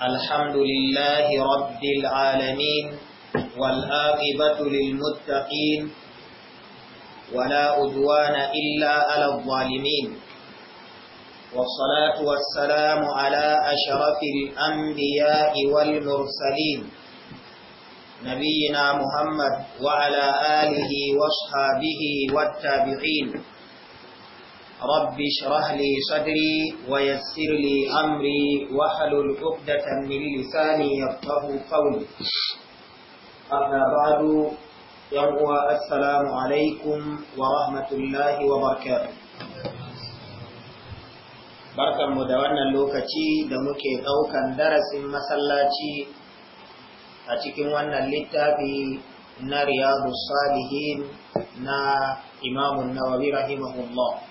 الحمد لله رب العالمين والآقبة للمتقين ولا أدوان إلا على الظالمين والصلاة والسلام على أشرف الأنبياء والمرسلين نبينا محمد وعلى آله واصحابه والتابعين رب اشرح لي صدري ويسر لي أمري واحلل عقدة من لساني يفقه قولي أما بعد يوم السلام عليكم ورحمة الله وبركاته barkanmu da wannan lokaci da muke ɗaukan darasin masallaci a cikin wannan littafi na riyadu salihin na imamun nawawi rahimahullah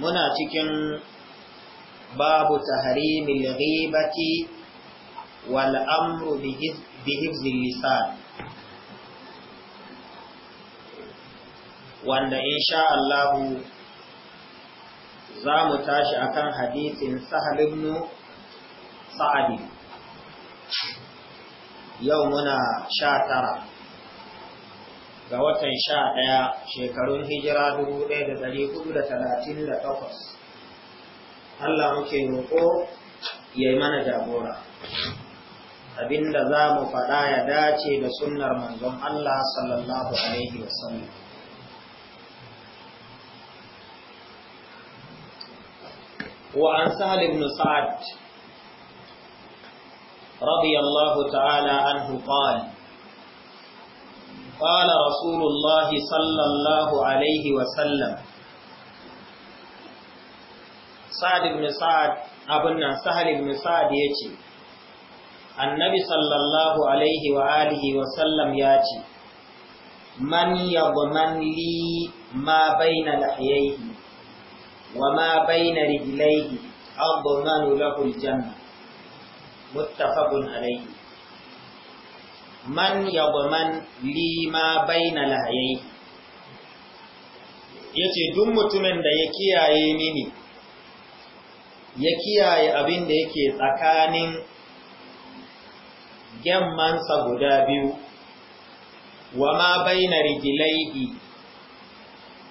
muna cikin babu tahrimil ghibati wal amru bi hifzil lisan wanda insha za mu tashi akan hadisin Sahal ibn Sa'd yau muna sha tara. ga watan sha ɗaya shekarun hijira dubu ɗaya da ɗari hudu da talatin da takwas Allah muke roƙo ya yi mana jagora abinda za mu faɗa ya dace da sunnar manzon Allah sallallahu alaihi wasallam وعن سهل بن سعد رضي الله تعالى عنه قال قال رسول الله صلى الله عليه وسلم سعد بن سعد أبنا سهل بن سعد يتي النبي صلى الله عليه وآله وسلم ياتي من يضمن لي ما بين لحييه وما بين رجليه أضمن له الجنة متفق عليه man yadman lima baina lahayi yace duk mutumin da ya kiyaye mini ya kiyaye abin da yake tsakanin sa guda biyu wa ma baina rijlaihi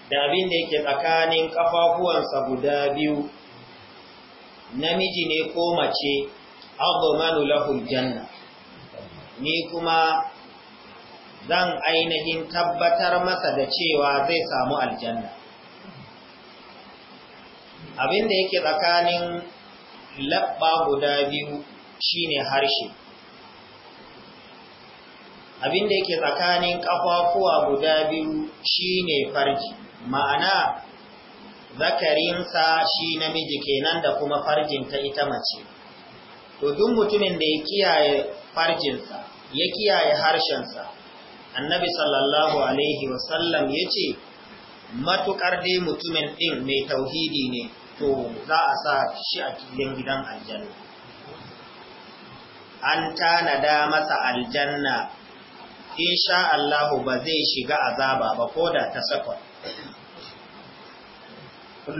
da abin da yake tsakanin kafafuwansa guda biyu namiji ne ko mace azmanu lahul janna ni kuma zan ainihin tabbatar masa da cewa zai samu aljanna abin da yake tsakanin labba guda biyu shine harshe abin da yake tsakanin ƙafafuwa guda biyu shine farji ma'ana zakarinsa shi namiji kenan da kuma farjin ta ita mace to duk mutumin da ya kiyaye farjinsa ya kiyaye harshensa annabi sallallahu alaihi wasallam ya ce matuƙar dai mutumin ɗin mai tauhidi ne to za a sa shi a cikin gidan aljanna an tanada masa aljanna insha Allahu ba zai shiga azaba ba ko da ta sakon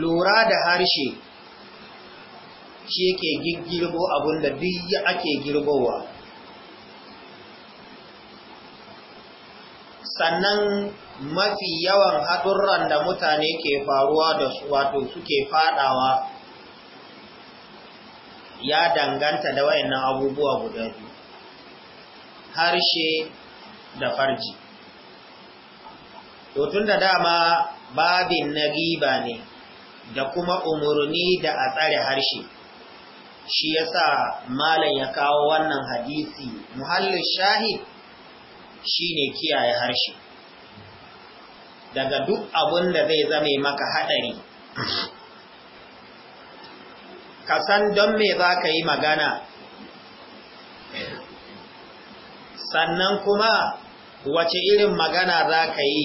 lura da harshe shi ke giggirbo abinda duk ake girbowa sannan mafi yawan haɗurran da mutane ke faruwa da su wato suke faɗawa, ya danganta da wayannan abubuwa guda biyu harshe da farji to tun da dama babin na riba ne da kuma umarni da a tsare harshe shi yasa malam ya kawo wannan hadisi muhallin shahid shine kiyaye harshe daga duk abun da zai zame maka haɗari ka san don me za ka yi magana sannan kuma wace irin magana za ka yi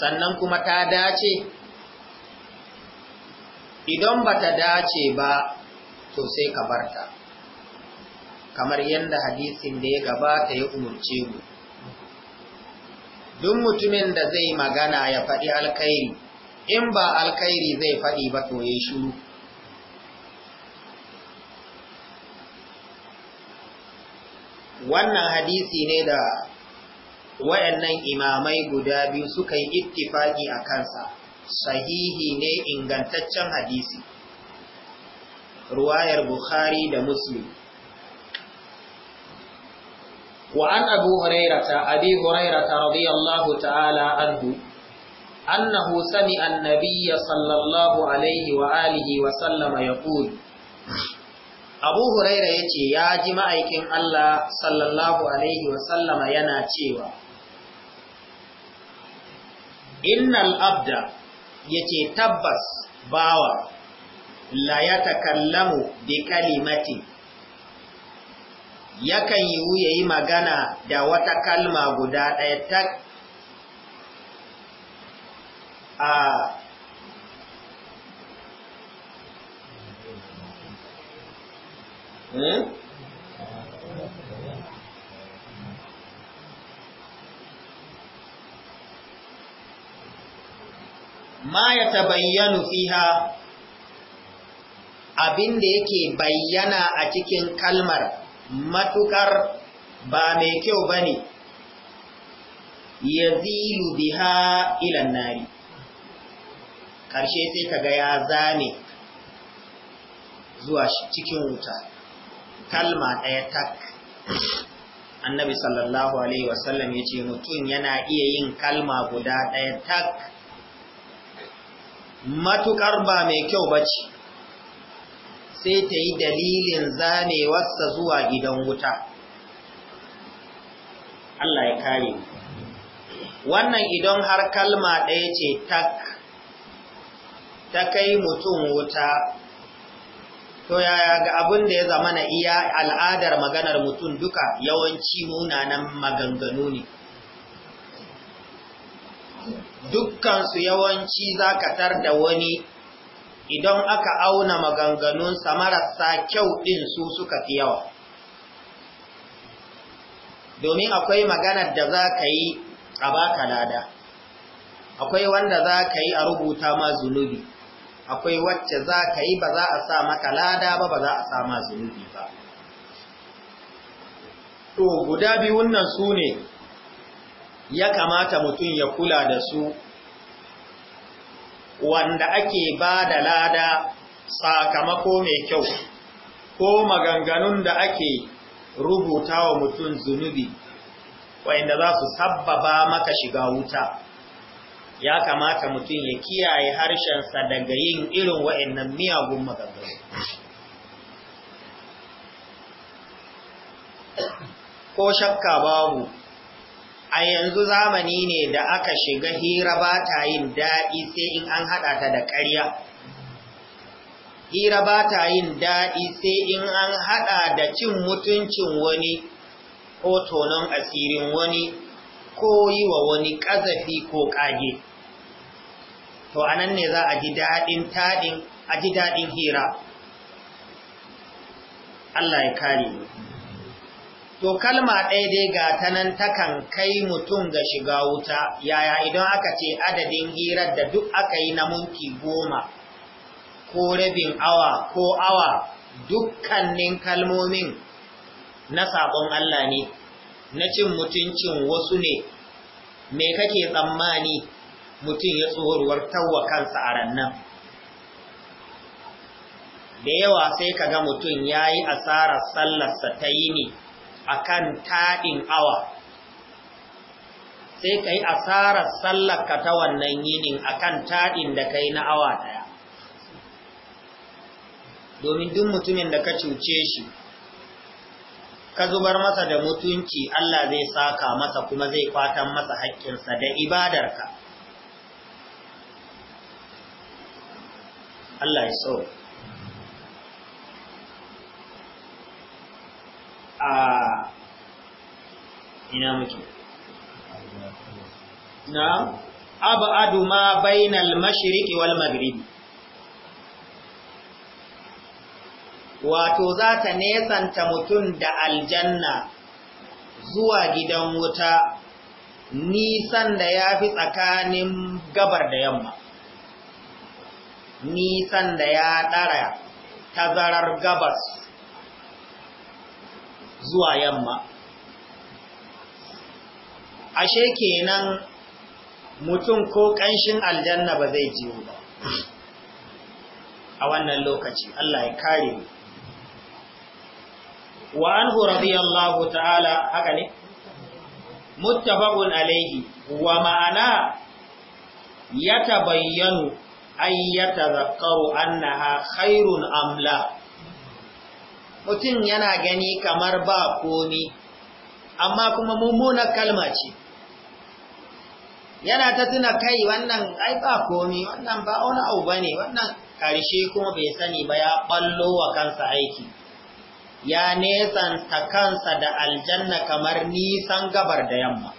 sannan kuma ta dace idan ba ta dace ba to sai ka barta kamar yadda hadisin da ya gabata ya umurce mu duk mutumin da zai magana ya faɗi alkhairi in ba alkhairi zai faɗi ba to ya shiru wannan hadisi ne da wayannan imamai guda biyu suka yi ittifaki a kansa sahihi ne ingantaccen hadisi ruwayar bukhari da muslim وعن أبو هريرة أبي هريرة رضي الله تعالى عنه أنه سمع النبي صلى الله عليه وآله وسلم يقول Abu Huraira ya ce, Ya ji ma'aikin Allah sallallahu Alaihi wasallama yana cewa, Innal abda ya tabbas bawa la ya takallamu kalimati yakan yiwu ya yi magana da wata kalma guda ɗaya ta a eh? ma ya tabayyanu fiha abin da yake bayyana a cikin kalmar matukar ba mai kyau ba ne ya zilu biha ilan nari ƙarshe sai ka ga ya zame zuwa cikin wuta kalma ɗaya tak annabi sallallahu alaihi wasallam ya ce mutum yana iya yin kalma guda ɗaya tak matukar ba mai kyau ba ce sai ta yi dalilin zanewarsa zuwa gidan wuta. Allah ya kare. Wannan idan har kalma ɗaya ce tak, ta kai mutum wuta, to yaya ga abin da ya zama na iya al'adar maganar mutum duka yawanci munanan maganganu ne. Dukkansu yawanci za ka tar da wani idan aka auna maganganunsa marasa kyau ɗin su suka fi yawa. Domin akwai maganar da za ka yi a baka lada, akwai wanda za ka yi a rubuta ma zunubi, akwai wacce za ka yi ba za a sa maka lada ba ba za a sa ma zunubi ba. To, guda biyun nan su ne ya kamata mutum ya kula da su wanda ake ba da lada sakamako mai kyau ko maganganun da ake rubuta wa mutum zunubi wa'inda za su sabbaba maka shiga wuta ya kamata mutum ya kiyaye harshensa daga yin irin wa'innan miyagun maganganu ko shakka babu a yanzu zamani ne da aka shiga hira ba ta yin daɗi sai in an haɗa ta da ƙarya. Hira ba ta yin daɗi sai in an haɗa da cin mutuncin wani ko tonon asirin wani ko yi wa wani ƙazafi ko ƙage. To, a nan ne za a ji daɗin taɗin, a ji daɗin hira. Allah ya kare mu. to kalma ɗaya dai ga ta nan takan kai mutum ga shiga wuta yaya idan aka ce adadin hirar da duk aka yi na munki goma ko rabin awa ko awa dukkanin kalmomin na sabon Allah ne na cin mutuncin wasu ne me kake tsammani mutum ya tsohuwar tawa kansa a rannan da yawa sai ka ga mutum ya yi asarar sallarsa ta yi ne akan taɗin awa sai ka yi asarar sallaka ta wannan yinin akan taɗin da ka na awa ɗaya domin duk mutumin da ka cuce shi ka zubar masa da mutunci Allah zai saka masa kuma zai kwatan masa haƙƙinsa da ibadarka Allah ya sauka ina muke na abadu ma bainal mashriqi wal maghribi wato za ta nesanta mutum da aljanna zuwa gidan wuta nisan da ya fi tsakanin gabar da yamma nisan da ya ɗara tazarar gabas zuwa yamma ashe kenan mutum ko ƙanshin aljanna ba zai jiwo ba a wannan lokaci Allah ya kare mu wa anhu radiyallahu ta'ala haka ne muttafaqun alayhi wa ma'ana yatabayyanu ay zakaru annaha khairun amla mutum yana gani kamar ba komi amma kuma mummuna kalma ce yana ta tuna kai wannan ai ba komi wannan ba wani abu bane wannan ƙarshe kuma bai sani ba ya ɓallo wa kansa aiki ya nesanta ta kansa da aljanna kamar nisan gabar da yamma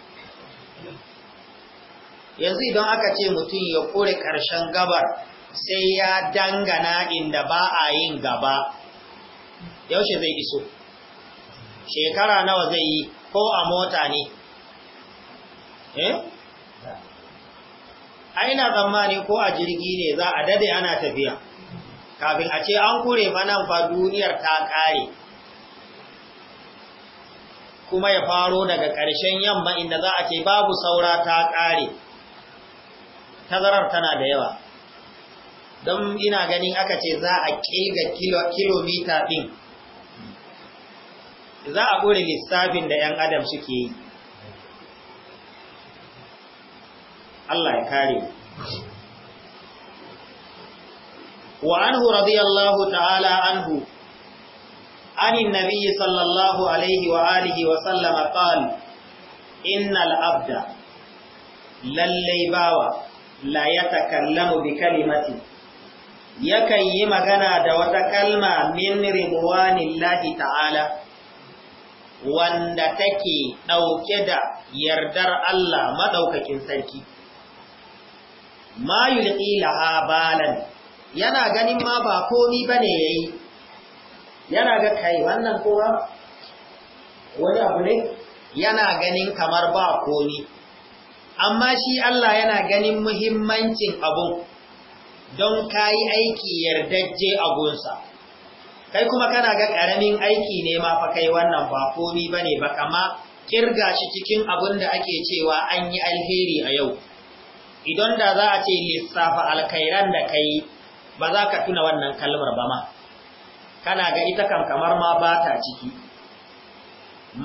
yanzu idan aka ce mutum ya kore karshen gabar sai ya dangana inda ba a yin gaba yaushe zai iso shekara nawa zai yi ko a mota ne eh aina zamani ko a jirgi ne za a dade ana tafiya kafin a ce an kure manan fa duniyar ta kare kuma ya faro daga ƙarshen yamma inda za a ce babu saura ta kare tazarar tana da yawa don ina ganin aka ce za a ga kilomita ɗin za a ƙure lissafin da 'yan adam suke yi Allah ya kare wa anhu radiyallahu ta'ala anhu anin Nabiyyu sallallahu alaihi wa alihi wa sallam qala innal abda lallai bawa la yatakallamu bi kalimati yakan yi magana da wata kalma min ribwanillahi ta'ala wanda take ɗauke da yardar Allah maɗaukakin sarki. ma yulqi laha balan yana ganin ma ba komi bane yayi yana ga kai wannan ko ba wani abu ne yana ganin kamar ba komi amma shi Allah yana ganin muhimmancin abun don kayi aiki yardajje a gunsa kai kuma kana ga ƙaramin aiki ne ma fa kai wannan ba komi bane ba kama kirga shi cikin abun da ake cewa an yi alheri a yau idan da za a ce lissafa alkhairan da kai ba za ka tuna wannan kalmar ba ma kana ga ita kan kamar ma ba ta ciki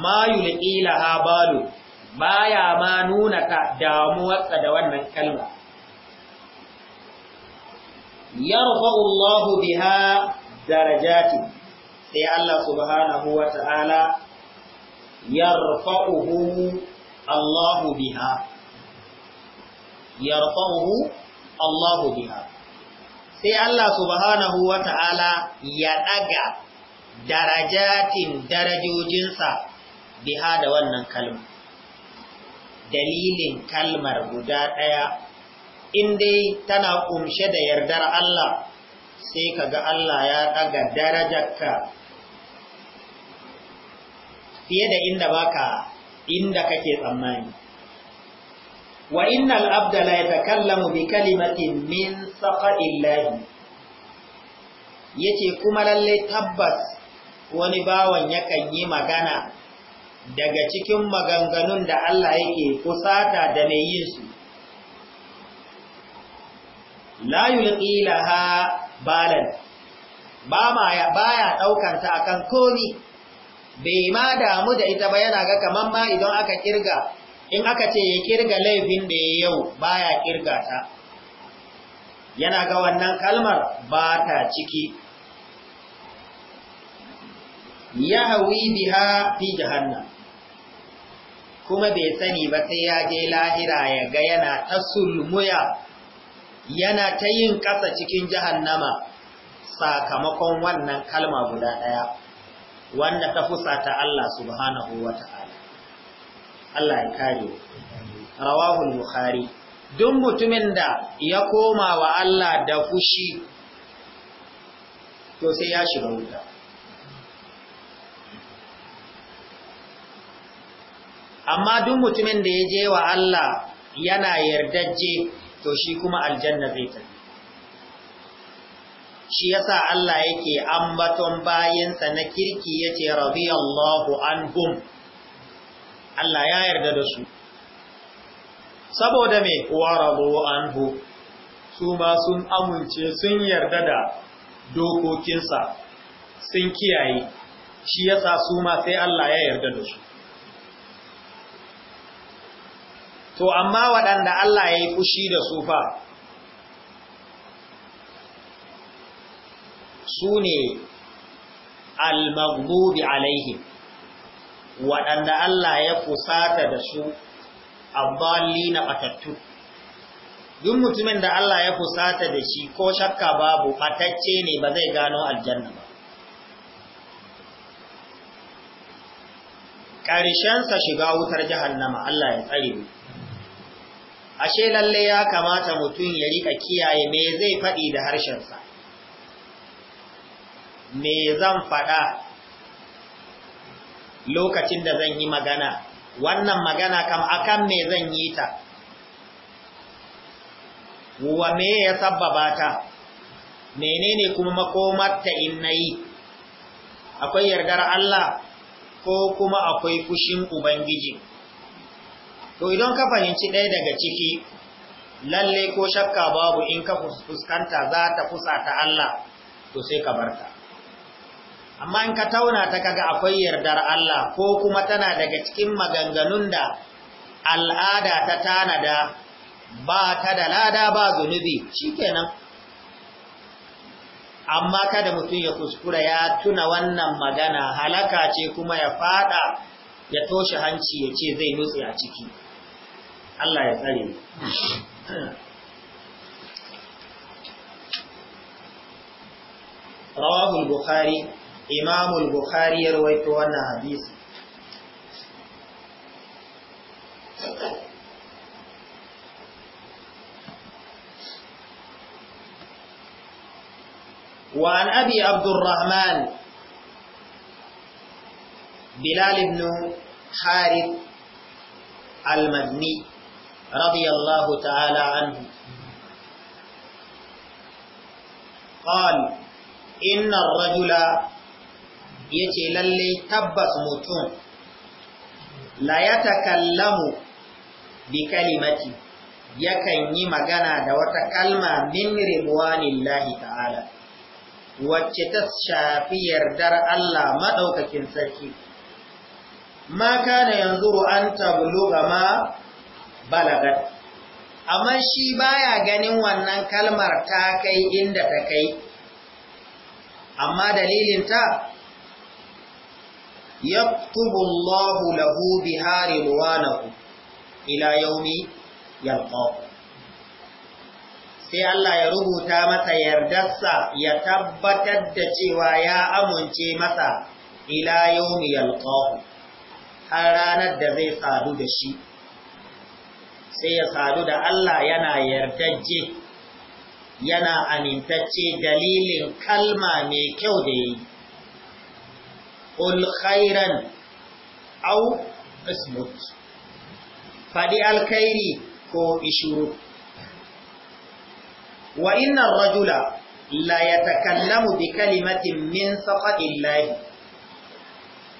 ma yulqila habalu baya ma nuna ta damuwarsa da wannan kalma yarfa'u Allahu biha darajati sai Allah subhanahu wa ta'ala yarfa'uhu Allahu biha yarfa'uhu Allahu biha sai Allah subhanahu wata'ala ya daga darajatin darajojinsa biha da wannan kalma dalilin kalmar guda daya indai tana kumshe da yardar Allah sai kaga Allah ya daga darajarka fiye da inda baka inda kake tsammani wa innal abda la yatakallamu bi kalimatin min saqa'illahi yace kuma lalle tabbas wani bawan yakan yi magana daga cikin maganganun da Allah yake kusata da mai yin su la yulqi laha balan ba ma ya baya daukar ta akan komi bai ma damu da ita ba yana ga kaman ma idan aka kirga in aka ce ya kirga laifin da ya yau baya kirga ta yana ga wannan kalmar ba ta ciki ya hawi biha fi jahannam kuma bai sani ba sai ya je lahira ya ga yana ta sulmuya yana ta yin ƙasa cikin jahannama sakamakon wannan kalma guda ɗaya wanda ta fusata Allah subhanahu wata'ala Allah ya kare rawahul bukhari duk mutumin da ya koma wa Allah da fushi to sai ya shiga wuta amma duk mutumin da ya je wa Allah yana yardajje to shi kuma aljanna zai tafi shi yasa Allah yake ambaton bayansa na kirki yace radiyallahu anhum Allah ya yarda da su saboda me warabo anhu su ma sun amince sun yarda da dokokinsa sun kiyaye shi yasa su ma sai Allah ya yarda da su to amma waɗanda Allah ya yi fushi da su fa su ne al-maghdubi alaihim waɗanda Allah ya kusata da su a bali na batattu duk mutumin da Allah ya kusata da shi ko shakka babu fatacce ne ba zai gano aljanna ba ƙarshensa shiga wutar jahannama Allah ya tsare mu ashe lalle ya kamata mutum ya rika kiyaye me zai faɗi da harshensa me zan faɗa lokacin da zan yi magana wannan magana kam akan me zan yi ta wa me ya sabbaba ta menene kuma makomarta in nayi akwai yardar Allah ko kuma akwai kushin ubangiji to idan ka fahimci ɗaya daga ciki lalle ko shakka babu in ka fuskanta za ta fusa ta Allah to sai ka barta amma in ka tauna ta kaga akwai yardar Allah ko kuma tana daga cikin maganganun da al'ada ta tanada ba ta da lada ba zunubi shikenan amma kada mutum ya kuskura ya tuna wannan magana halaka ce kuma ya fada ya toshe hanci ya ce zai nutse a ciki Allah ya tsare رواه Bukhari. امام البخاري ya rawaito wannan وعن أبي عبد الرحمن بلال بن حارث المدني رضي الله تعالى عنه قال إن الرجل yace ce lalle tabbas mutum la ya takallamu bi kalimati yakan yi magana da wata kalma min ribuwanillahi ta'ala wacce ta shafi yardar Allah maɗaukakin sarki ma kana yanzu an tabluga ma balagat amma shi baya ganin wannan kalmar ta kai inda ta kai amma dalilin ta? yaktubu Allah lahu biha ridwanahu ila yaumi yalqahu sai Allah ya rubuta masa yardarsa ya tabbatar da cewa ya amince masa ila yaumi yalqahu har ranar da zai sadu da shi sai ya sadu da Allah yana yardajje yana amintacce dalilin kalma mai kyau da yi Ulkhairan khairan aw asmut alkhairi ko ishuru wa inna ar-rajula la yatakallamu bi kalimatin min safadillahi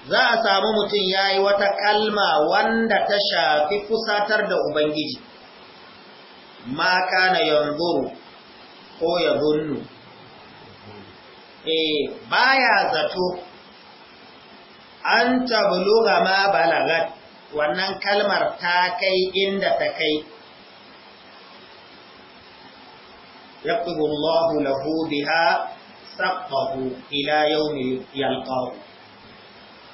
za a samu mutum yayi wata kalma wanda ta shafi fusatar da ubangiji ma kana yanzuru ko ya zunnu eh baya zato an tabluga ma balagat wannan kalmar ta kai inda ta kai yaqbu Allah lahu biha saqahu ila yawmi yalqahu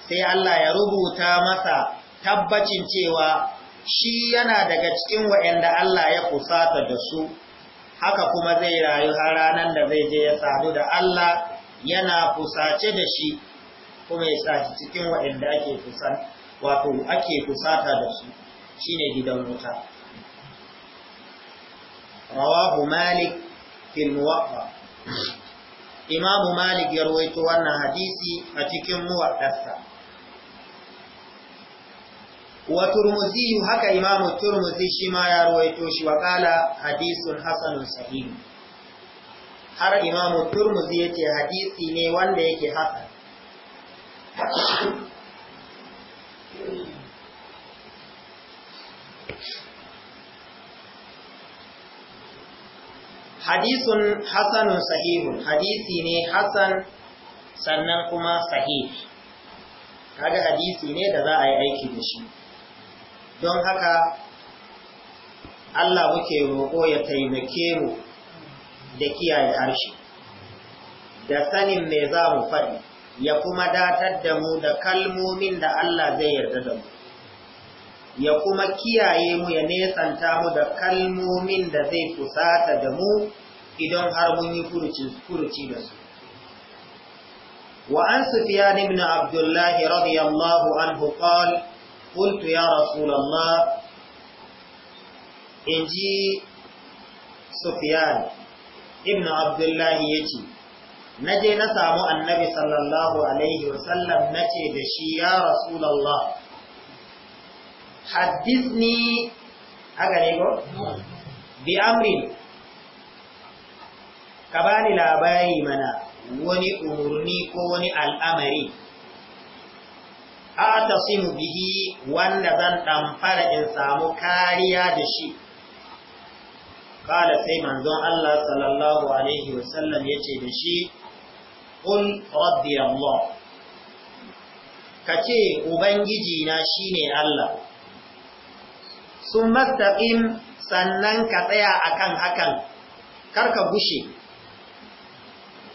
sai Allah ya rubuta masa tabbacin cewa shi yana daga cikin wa'anda Allah ya kusata da su haka kuma zai rayu har ranar da zai je ya sadu da Allah yana kusace da shi kuma ya sa cikin waɗanda ake kusan wato ake kusata da su shine gidan wuta rawahu malik fil muwaffa imamu malik ya rawaito wannan hadisi a cikin muwaddarsa wa turmuzi haka imamu turmuzi shi ma ya rawaito shi wa kala hadisun hasanun sahih har imamu turmuzi yace hadisi ne wanda yake hasan hadisun Hassanun sahihun hadisi ne Hassan sannan kuma sahih kaga hadisi ne da za a yi aiki da shi don haka Allah muke roƙo ya taimake mu da kiyaye harshe da sanin me za mu faɗi ya kuma datar da mu da kalmomin da Allah zai yarda da mu, ya kuma kiyaye mu ya nesanta mu da kalmomin da zai fusata da mu idan har mun yi furuci da su. Wa an بن Ibn Abdullahi radiyallahu anhu عنه qultu ya يا رسول الله إن جي سفيان na je na samu annabi sallallahu alaihi wasallam na ce da shi ya rasulallah ni haka ne ko? bi amrin ka bani labari mana wani umarni ko wani al'amari a tasimu bihi wanda zan fara in samu kariya da shi kala sai manzon Allah sallallahu Alaihi wasallam ya ce da shi kun rabbi Allah ce ubangiji na shine Allah sun mastaƙin sannan ka tsaya akan hakan kar ka gushe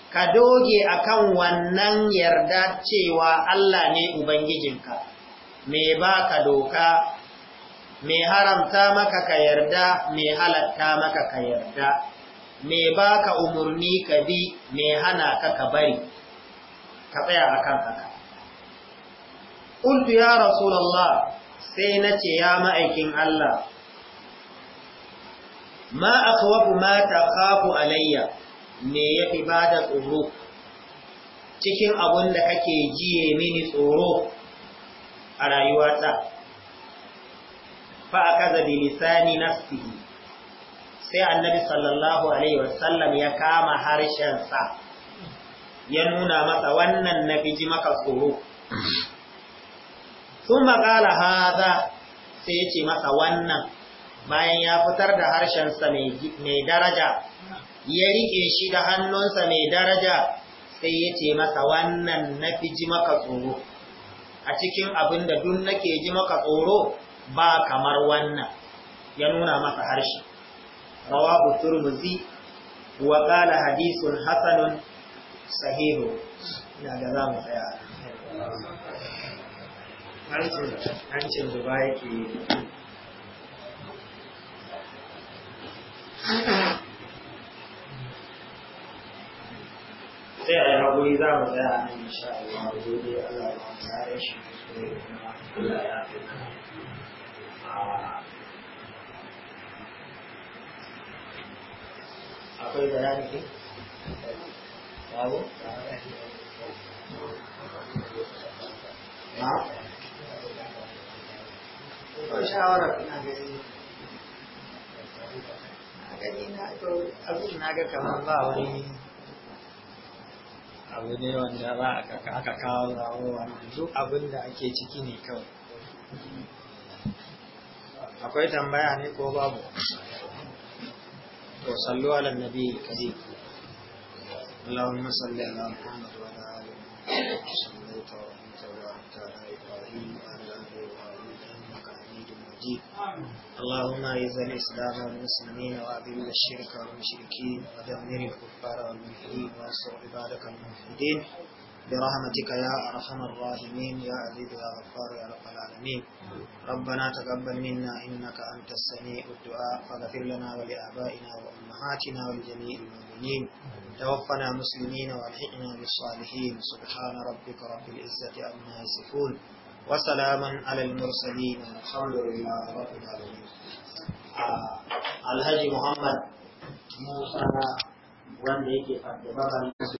ka doge akan wannan yarda cewa Allah ne ubangijinka me ka doka me haramta maka ka yarda me halatta maka ka yarda me ba ka umarni ka bi me hana ka ka bari ka tsaya a kan haka qultu ya rasulullah sai na ce ya ma'aikin Allah ma akhwafu ma kafu alayya me ya yafi bada tsoro cikin abin da kake jiye mini tsoro a rayuwata fa akaza bi lisani nafsihi sai annabi sallallahu alaihi wasallam ya kama harshensa ya nuna masa wannan na ji maka tsoro sun makala haza sai ya ce masa wannan bayan ya fitar da harshensa mai daraja ya rike shi da hannunsa mai daraja sai ya ce masa wannan na ji maka tsoro a cikin abinda duk nake ji maka tsoro ba kamar wannan ya nuna masa harshe rawahu turmuzi wa qala hadithun hasanun sahihu ina ga za mu tsaya hancin zuba yake sai a yi haƙuri za mu tsaya a nan insha Allah gobe Allah ya tsare shi Allah ya fi akwai da ranake kamar ba abu ne wanda ba kawo rawowa duk abin da ake ciki ne kawai akwai tambaya ne ko babu وصلوا على النبي الكريم اللهم صل على محمد وعلى آل محمد صليت وأنت وباركت على إبراهيم وعلى آل إبراهيم إنك حميد مجيد اللهم أعز الإسلام والمسلمين وأذل الشرك والمشركين ودمر الكفار والملحدين وانصر عبادك الموحدين برحمتك يا أرحم الراحمين يا عزيز يا غفار يا رب العالمين ربنا تقبل منا إنك أنت السميع الدعاء فاغفر لنا ولآبائنا وأمهاتنا ولجميع المؤمنين توفنا مسلمين والحقنا بالصالحين سبحان ربك رب العزة عما يصفون وسلاما على المرسلين الحمد لله رب العالمين آه، الحاج محمد موسى wanda yake